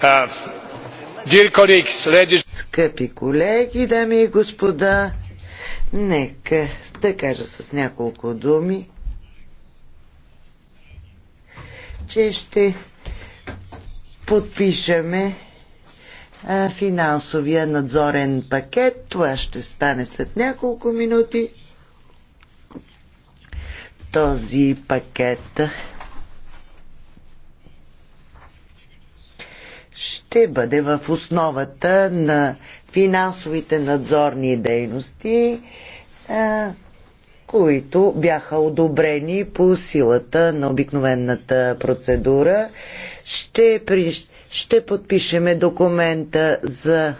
Uh, Скъпи колеги, дами и господа, нека да кажа с няколко думи, че ще подпишеме финансовия надзорен пакет. Това ще стане след няколко минути. Този пакет ще бъде в основата на финансовите надзорни дейности, които бяха одобрени по силата на обикновената процедура. Ще, при, ще подпишеме документа за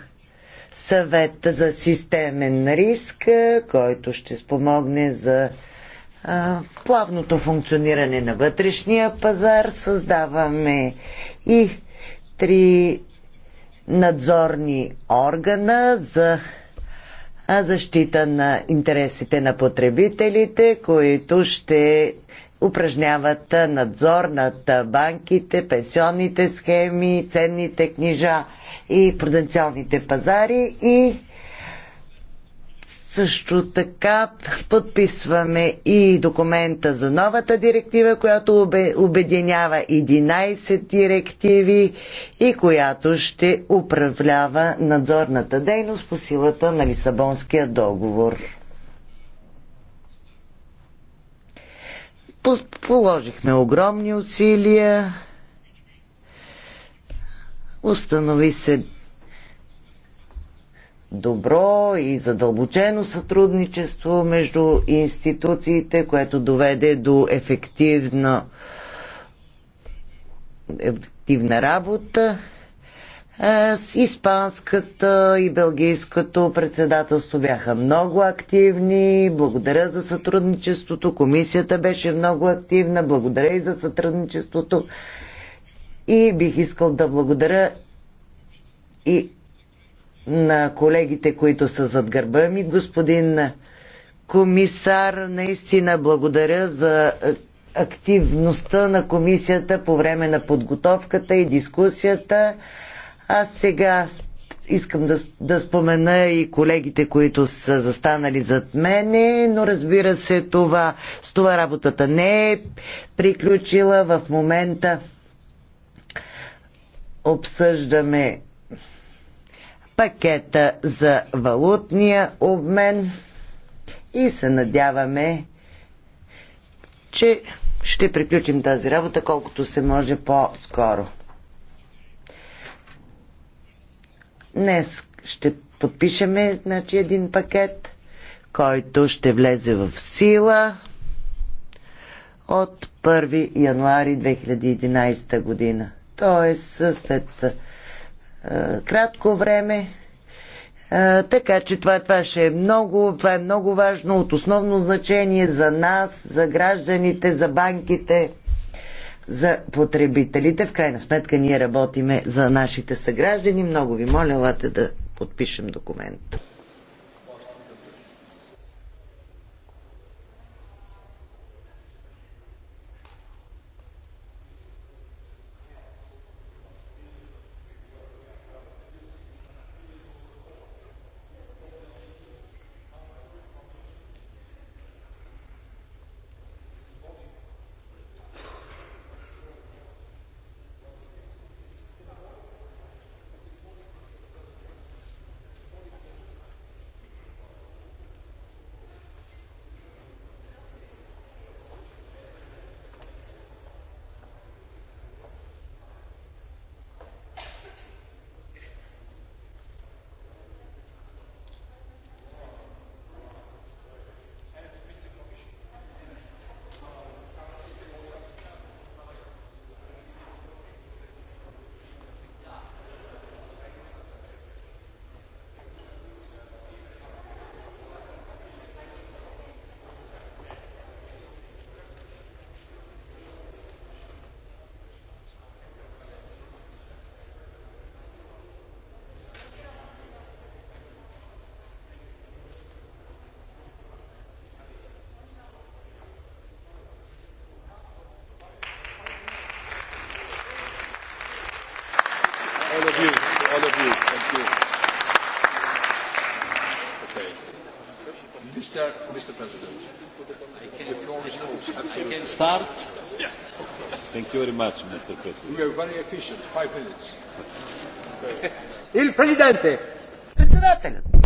съвет за системен риск, който ще спомогне за плавното функциониране на вътрешния пазар. Създаваме и три надзорни органа за защита на интересите на потребителите, които ще упражняват надзор над банките, пенсионните схеми, ценните книжа и пруденциалните пазари и също така подписваме и документа за новата директива, която обединява 11 директиви и която ще управлява надзорната дейност по силата на Лисабонския договор. Положихме огромни усилия. Установи се добро и задълбочено сътрудничество между институциите, което доведе до ефективна, ефективна работа. С испанската и белгийското председателство бяха много активни. Благодаря за сътрудничеството. Комисията беше много активна. Благодаря и за сътрудничеството. И бих искал да благодаря и на колегите, които са зад гърба ми. Господин комисар, наистина благодаря за е, активността на комисията по време на подготовката и дискусията. Аз сега искам да, да спомена и колегите, които са застанали зад мене, но разбира се, това, с това работата не е приключила. В момента обсъждаме пакета за валутния обмен и се надяваме, че ще приключим тази работа колкото се може по-скоро. Днес ще подпишеме значи, един пакет, който ще влезе в сила от 1 януари 2011 година. Тоест след е, кратко време. Е, така че това, това ще е много, това е много важно, от основно значение за нас, за гражданите, за банките, за потребителите. В крайна сметка ние работиме за нашите съграждани. Много ви моля, лате да подпишем документ. all of you. All of you. Thank you. Okay. Mr. Mr. President, the floor is yours. I can start. Yeah. Thank you very much, Mr. President. We are very efficient. Five minutes. Il Presidente. Председателят.